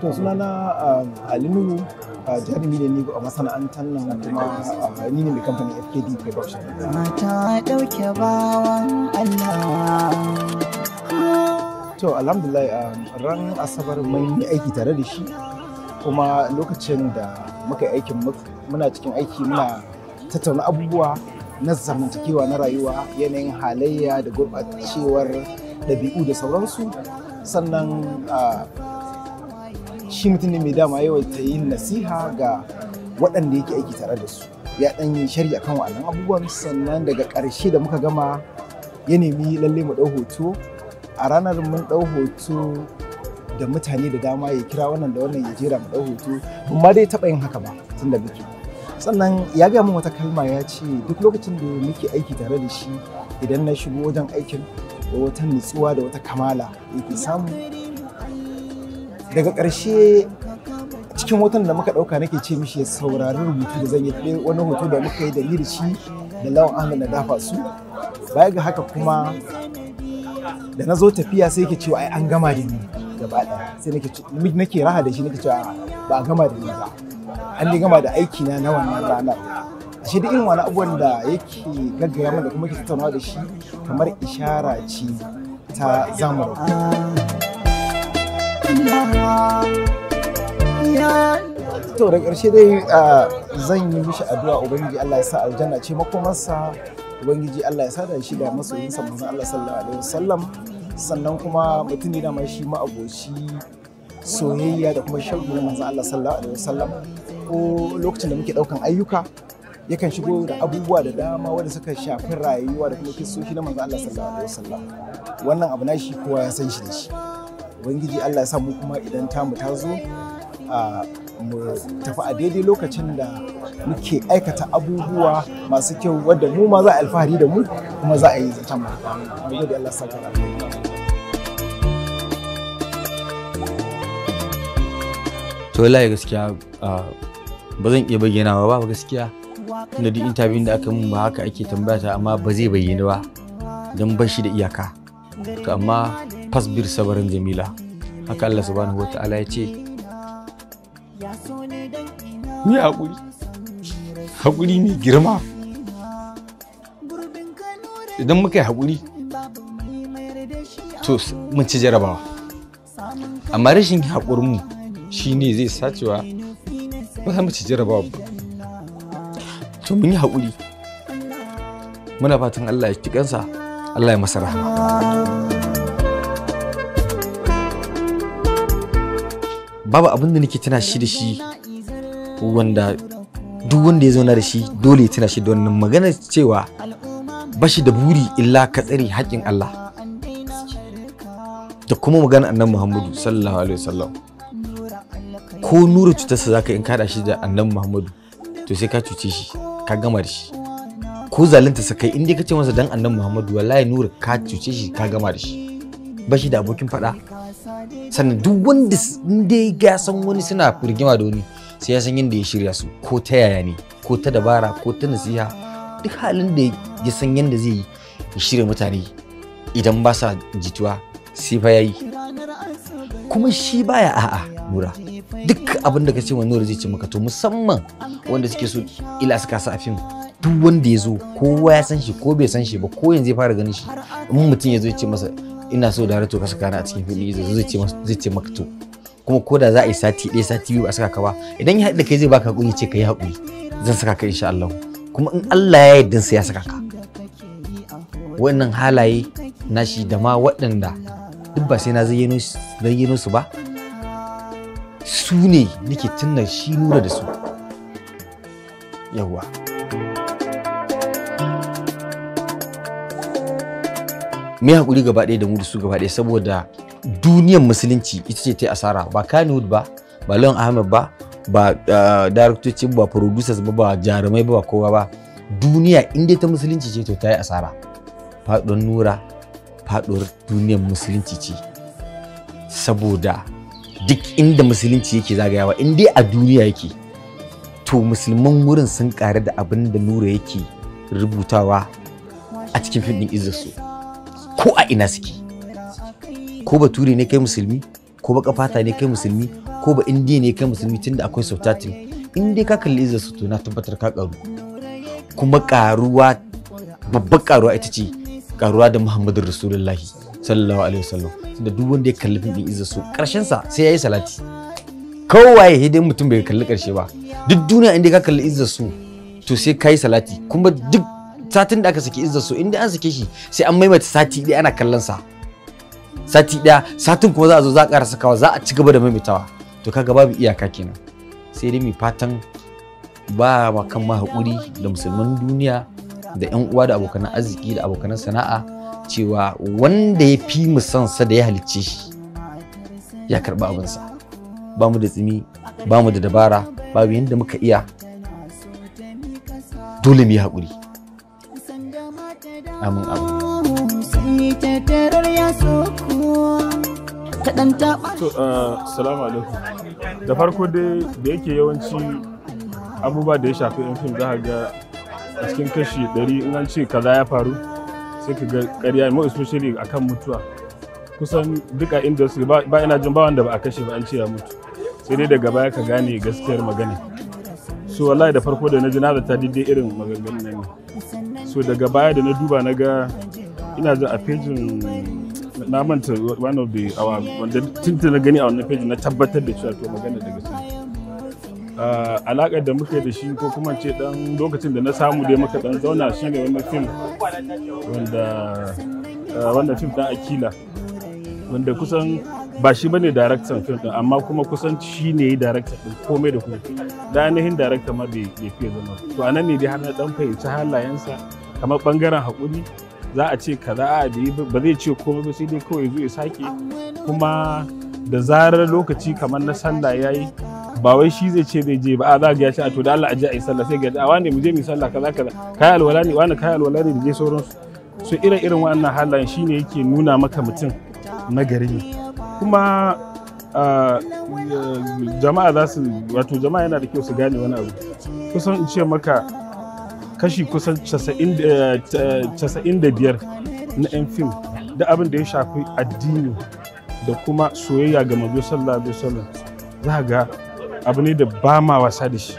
to suna na um, alinuhu uh, jarumi ne ni a masana'antar nan kuma uh, ni ne mai kamfanin fkd production mata dauke bawan allah to alhamdulillah um, ran asabar mun yi aiki tare da shi kuma lokacin da muka yi aikin muna cikin aiki muna tattauna abubuwa na zamantakewa na rayuwa yanayin halayya da gurɓacewar ɗabi'u da sauransu sannan uh, shi mutum ne mai dama yawan ta yin nasiha ga waɗanda yake aiki tare da su ya ɗan yi shari'a akan wa'annan abubuwan sannan daga ƙarshe da muka gama ya nemi lalle mu ɗau hoto a ranar mun ɗau hoto da mutane da dama ya kira wannan da wannan ya jera mu ɗau hoto ma dai taɓa yin haka ba tun da muke sannan ya gaya min wata kalma ya ce duk lokacin da muke aiki tare da shi idan na shigo wajen aikin da wata nutsuwa da wata kamala yake samu daga ƙarshe cikin watan da muka ɗauka nake ce mishi ya saurari rubutu da zan yi eh, wani hoto da muka yi da da shi da lawan ahmed na dafa su baya ga haka kuma da na zo tafiya sai yake cewa an gama da ni gaba ɗaya sai nake nake raha da shi nake cewa ba a gama da ni ba an dai gama da aiki na na wannan ranar ashe duk irin wani abubuwan da yake gaggaya mana da kuma yake tattaunawa da shi kamar ishara ce ta zamani. to da ƙarshe dai zan yi mishi addu'a ubangiji Allah ya sa aljanna ce makomarsa ubangiji Allah ya sada shi da masoyinsa manzon Allah sallallahu alaihi wasallam sannan kuma mutum ne da mai shi ma'aboci soyayya da kuma shauki na manzon Allah sallallahu alaihi wasallam ko lokacin da muke daukan ayyuka yakan shigo da abubuwa da dama wanda suka shafi rayuwa da kuma kisoshi na manzon Allah sallallahu alaihi wasallam wannan abu na shi kowa ya san shi da shi ubangiji allah sa mu kuma idan tamu ta zo mu tafi a daidai lokacin da muke aikata abubuwa masu kyau wadda mu ma za a alfahari da mu kuma za a yi zaton mu ubangiji allah sa to wallahi gaskiya ba zan iya bayyana ba ba gaskiya tunda duk interview da aka mun ba haka ake tambaya amma ba zai bayyana ba don bashi da iyaka to amma fasbir sabarin jamila haka Allah subhanahu ta'ala ya ce ni haƙuri haƙuri ne girma idan muka yi haƙuri to mun ci jarabawa amma rashin haƙurinmu mu shine zai sacewa ba za mu ci jarabawa ba to mun yi haƙuri muna fatan Allah ya ci kansa Allah ya masa rahama babu abin da nake tuna shi da shi wanda duk wanda ya zauna da shi dole ya tuna shi da wannan magana cewa ba shi da buri illa ka tsare haƙƙin Allah da kuma magana annan Muhammadu sallallahu alaihi wasallam ko nura cutarsa za ka in kada shi da annan Muhammadu to sai ka cuce shi ka gama da shi ko zalunta sa kai in dai ka ce masa dan annan Muhammadu wallahi nura ka cuce shi ka gama da shi ba shi da abokin faɗa sannan duk wanda dai ga san wani suna firgima da wani sai ya san yadda ya shirya su ko ta yaya ne ko ta dabara ko ta nasiha duk halin da ya san yadda zai yi ya shirya mutane idan ba sa jituwa sai fa yi kuma shi baya a'a nura duk abin da ka ce wani nura zai ce maka to musamman wanda suke so ila suka sa a fim duk wanda ya zo kowa ya san shi ko bai san shi ba ko yanzu ya fara ganin shi in mutum ya zo ya ce masa ina so da rato ka saka a cikin fili zai ce zai ce maka to kuma ko da za a yi sati ɗaya sati biyu ba a saka ka ba idan ya haɗu da kai zai baka hakuri ce ka yi hakuri zan saka ka insha Allah kuma in Allah ya yarda sai ya saka ka wannan halaye nashi da ma waɗanda duk ba sai na zayyano su ba su ne nake tunna shi nura da su yawwa Mai hakuri gaba ɗaya da mu da su gaba ɗaya saboda duniyar musulunci ita ce ta asara ba Kannywood ba ba Leon Ahmed ba ba eh, daraktoci ba producers ba ba jarumai ba kowa ba duniya inda ta musulunci ce to ta yi asara faɗon nura faɗuwar duniyar musulunci ce saboda duk inda musulunci yake zagayawa in dai a duniya yake to musulman wurin sun ƙare da abin da nura yake rubutawa a cikin fim ɗin izarsu. ko a ina suke ko ba bature ne kai musulmi ko ba kafata ne kai musulmi ko ba indiya ne kai musulmi tunda akwai sautatin. in dai ka kalli izar su to na tabbatar ka karu kuma karuwa babbar karuwa ita ce karuwa da muhammadu rasulullahi sallallahu alaihi wasallam Tunda duk wanda ya kalli fim din izar su karshen sa sai yayi salati kowaye hidin mutum bai kalli karshe ba duk duniya inda ka kalli izar su to sai kai salati kuma duk satin da aka saki izzar so inda an sake shi sai an maimaita sati ɗaya ana kallon sa sati ɗaya satin kuma za a zo za a ƙara sakawa za a ci gaba da maimaitawa to kaga babu iyaka kenan sai dai mai fatan ba ma kan ma haƙuri da musulman duniya da ƴan uwa da abokan arziki da abokan sana'a cewa wanda ya fi mu sa da ya halicce shi ya karɓi abinsa ba mu da tsimi ba mu da dabara babu yadda muka iya dole mu yi haƙuri amin amin to uh, salamu alaikum da farko dai da yake yawanci abubuwa da ya shafi yan fim za ga a cikin kashi 100 in an ce kaza ya faru sai ka ga ƙarya mai especially akan mutuwa kusan duka industry ba ina jin ba wanda ba a kashe ba an ce ya mutu sai dai daga baya ka gane gaskiyar magana so wallahi da farko da na ji na da daidai irin maganganun nan ne so daga baya da na duba na ga ina jin a fejin na manta one of the our wanda tinta na gani a wannan page na tabbatar da cewa to magana daga su ah, alaƙar da muke da shi ko kuma ce dan lokacin da na samu dai muka dan zauna shi ne wannan film wanda ah, wannan film dan akila wanda kusan ba shi bane director fim din amma kuma kusan shi ne director din komai da komai da ainihin director ma bai fiye zama to anan ne dai har na dan fahimci halayensa kamar bangaren hakuri za a ce kaza a bi ba zai ce komai ba sai dai kawai zo ya sake kuma da zarar lokaci kamar na sallah yayi ba wai shi zai ce zai je ba a za ga shi a to da Allah a je a yi sallah sai ga a wane mu je mu sallah kaza kaza kai alwala ne wani kai alwala ne da je sauransu so irin irin wannan halayen shine yake nuna maka mutum na gari ne kuma jama'a za su wato jama'a yana da kyau su gane wani abu kusan in ce maka kashi kusan 95 eh, na 'yan fim da abin da ya shafi addini da kuma soyayya ga mabiyo sallah alaihi sallah za ga abu ne da ba ma wasa da shi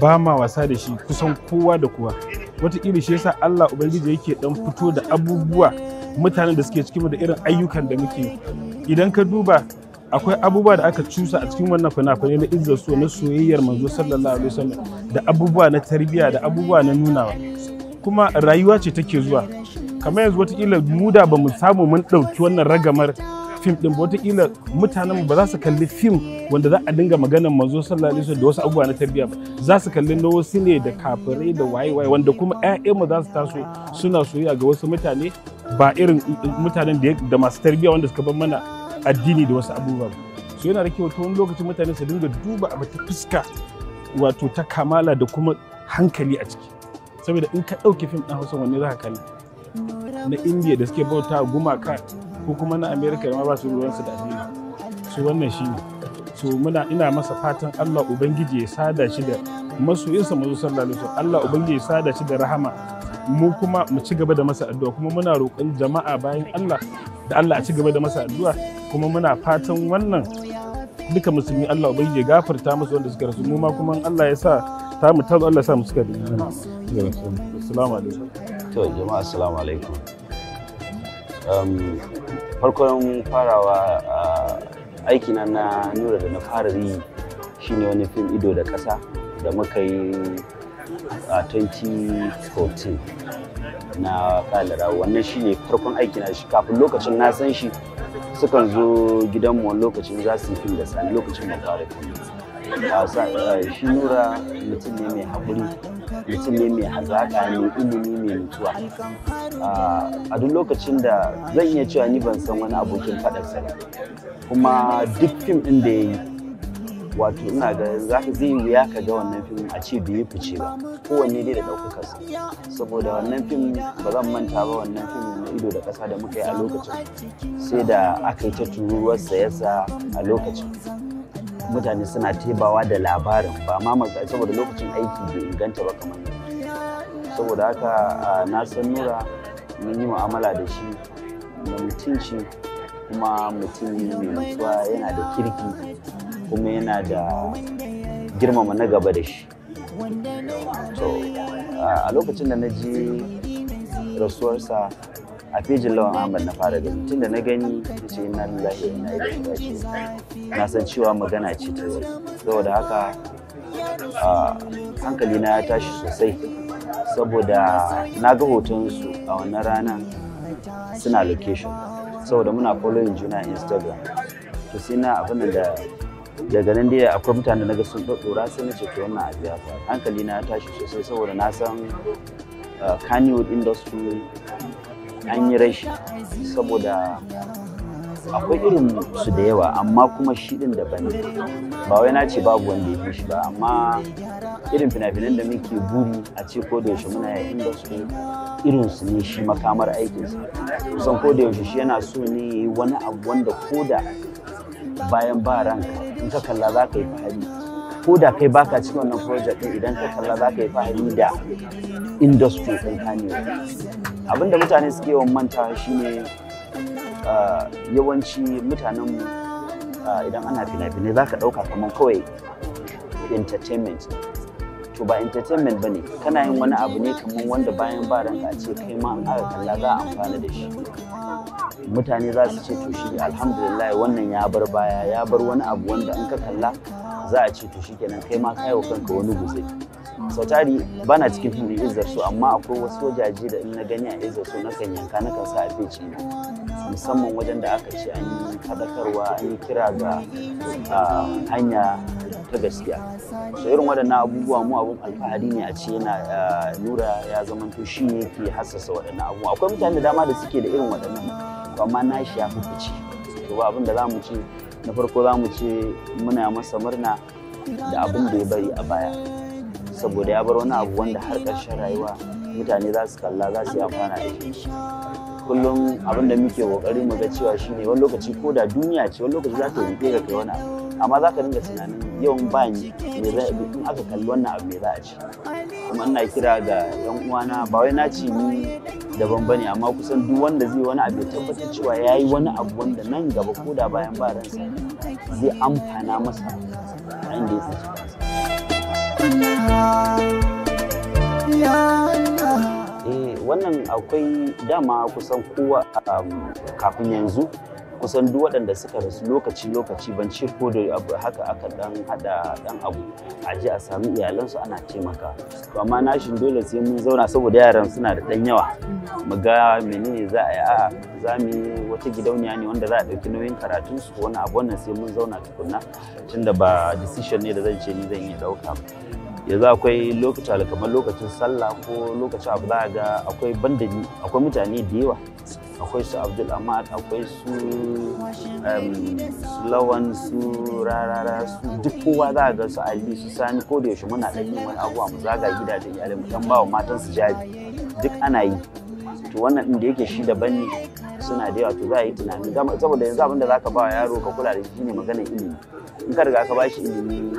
ba ma wasa da shi kusan kowa da kowa wataƙila shi yasa Allah Ubangiji yake dan fito da abubuwa mutanen da suke cikin da irin ayyukan da muke idan ka duba akwai abubuwa da aka cusa a cikin wannan fina-finai na izza so na soyayyar manzo sallallahu alaihi wasallam da abubuwa na tarbiyya da abubuwa na nunawa kuma rayuwa ce take zuwa kamar yanzu watakila mu da ba mu samu mun ɗauki wannan ragamar fim din wataƙila mutanen ba za su kalli fim wanda za a dinga maganar manzo sallallahu alaihi wasallam da wasu abubuwa na tarbiyya ba za su kalli na ne da kafirai da waye waye wanda kuma ƴaƴanmu za su taso suna soyayya ga wasu mutane ba irin mutanen da masu tarbiyya wanda suka bar mana addini da wasu abubuwa so yana da kyau ta wani lokacin mutane su dinga duba abu ta fuska wato ta kamala da kuma hankali a ciki saboda in ka ɗauki fim ɗan hausa wani za ka kalli na indiya da suke bauta gumaka ko kuma na america da ma ba su ruwan su da addini so wannan shi ne so muna ina masa fatan allah ubangiji ya sada shi da masoyinsa mazo sallallahu alaihi wasallam allah ubangiji ya sada shi da rahama mu kuma mu ci gaba da masa addu'a kuma muna roƙon jama'a bayan allah da allah a ci gaba da masa addu'a kuma muna fatan wannan duka musulmi Allah ubangiji ya gafarta musu wanda suka rasu mu ma kuma Allah ya sa ta mu tazo Allah ya sa mu suka dinga assalamu alaikum to jama'a assalamu alaikum um, farkon farawa aikina na nura da na fara yi shine wani fim ido da kasa da muka yi a 2014 na kalara wannan shine farkon aiki aikina shi kafin lokacin na san shi sukan zo gidanmu lokacin za su yi fim da sani lokacin da fara fim eh, shi nura mutum ne mai haƙuri mutum ne mai hazaƙa ne ilimi mai mutuwa a duk lokacin da zan iya cewa ni ban san wani abokin faɗarsa ba kuma duk fim ɗin da ya yi wato ina ga za ka zai wuya ka ga wannan fim a ce bai fice ba kowanne dai da ɗaukakarsa saboda wannan fim ba zan manta ba wannan fim na ido da ƙasa da muka yi a lokacin sai da aka yi ta turuwar sayarsa a lokacin mutane suna tebawa da labarin ba ma saboda lokacin aiki bai inganta ba kamar saboda haka na san nura mun yi mu'amala da shi na mutunci kuma mutum mai nutsuwa yana da kirki kuma yana da girmama na gaba da shi to a lokacin da na ji rasuwarsa a fejin lawan ahmad na fara gani tun da na gani na ce ina lillahi ina ilaihi na san cewa magana ce ta zai da haka hankali na ya tashi sosai saboda na ga hotonsu a wannan rana suna location saboda muna following juna instagram to sai na abin da daga nan dai akwai mutane na ga sun dora sai na ce to wannan abu ya faru hankali na tashi sosai saboda na san uh, kanyewood industry an yi rashi saboda akwai irin su da yawa amma kuma shi din daban ne ba wai na ce babu wanda ya fi shi ba amma irin fina-finan da muke buri a ce ko da yaushe muna yayin da su irin su ne shi makamar su kusan ko da yaushe shi yana so ne wani abu wanda ko da bayan ba ranka in ka kalla za ka yi fahimi ko da kai baka cikin wannan project din idan ka kalla za ka yi fahimi da industry din kanewa abinda mutane suke yawan manta shine ah, yawanci mutanen mu ah, idan ana fina-finai za ka ɗauka kamar kawai entertainment to ba entertainment ba ne kana yin wani abu ne kamar wanda bayan ba ranka ce kai ma an aka kalla za a amfana da shi mutane za su ce to shi alhamdulillah wannan ya bar baya ya bar wani abu wanda in ka kalla za a ce to shi kenan kai ma wa kanka wani guzai so tari ba na cikin fim din su amma akwai wasu wajaje da in na gani a izar su na kan yanka na kan sa a fece na musamman wajen da aka ce an yi kadakarwa an yi kira ga hanya ta gaskiya so irin waɗannan abubuwa mu abun alfahari ne a ce yana nura ya to shi yake hassasa waɗannan abubuwa akwai mutane da dama da suke da irin waɗannan to amma na shi ya fi ci to ba abin da za mu ci na farko za mu ce muna masa murna da abin da ya bari a baya saboda ya bar wani abu wanda har ƙarshen rayuwa mutane za su kalla za su yi amfana da shi kullum abin da muke kokari mu ga cewa shine wani lokaci ko da duniya ce wani lokaci za ta rike ga kai wani abu amma za ka dinga tunanin yawan bani me in aka kalli wannan abu me za a ci kuma ina kira ga yan uwana ba wai na ci ni daban bane amma kusan duk wanda zai wani abu ya tabbatar cewa ya yi wani abu wanda nan gaba ko da bayan ba ransa zai amfana masa a inda ya tsaci eh, wannan akwai dama kusan kowa um, kafin yanzu kusan duk waɗanda suka rasu lokaci-lokaci ban ce ko da abu haka aka dan hada dan abu a ji a sami iyalansu ana taimaka to amma nashin dole sai mun zauna saboda yaran suna da dan yawa mu ga menene za a yi a za mu yi wata gidauniya ne wanda za a ɗauki nauyin karatun su wani abu wannan sai mun zauna tukunna tunda ba decision ne da zan ce ni zan iya ɗauka ba yanzu akwai lokaci kamar lokacin sallah ko lokacin abu za ga akwai bandani akwai mutane da yawa akwai su abdul ahmad akwai su lawan su rarara su duk kowa za ga su ali su sani ko da yaushe muna ɗan yin wani abuwa mu zaga gidajen iyalai mu dan ba wa matan su jabi duk ana yi to wannan inda da yake shi daban ne suna da yawa to za a yi tunani saboda yanzu abin da za ka ba yaro ka kula da shi ne magana ilimi in ka riga ka ba shi ilimi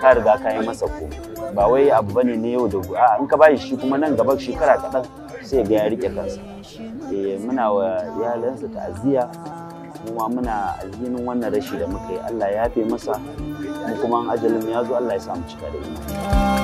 ka riga ka yi masa ko ba wai abu bane ne yau da gobe a in ka ba shi kuma nan gaba shekara kaɗan sai ga ya rike kansa eh muna wa iyalansa ta'aziyya kuma muna alhinin wannan rashi da muka yi Allah ya yafe masa mu kuma ajalin ya zo Allah ya samu cika da ina.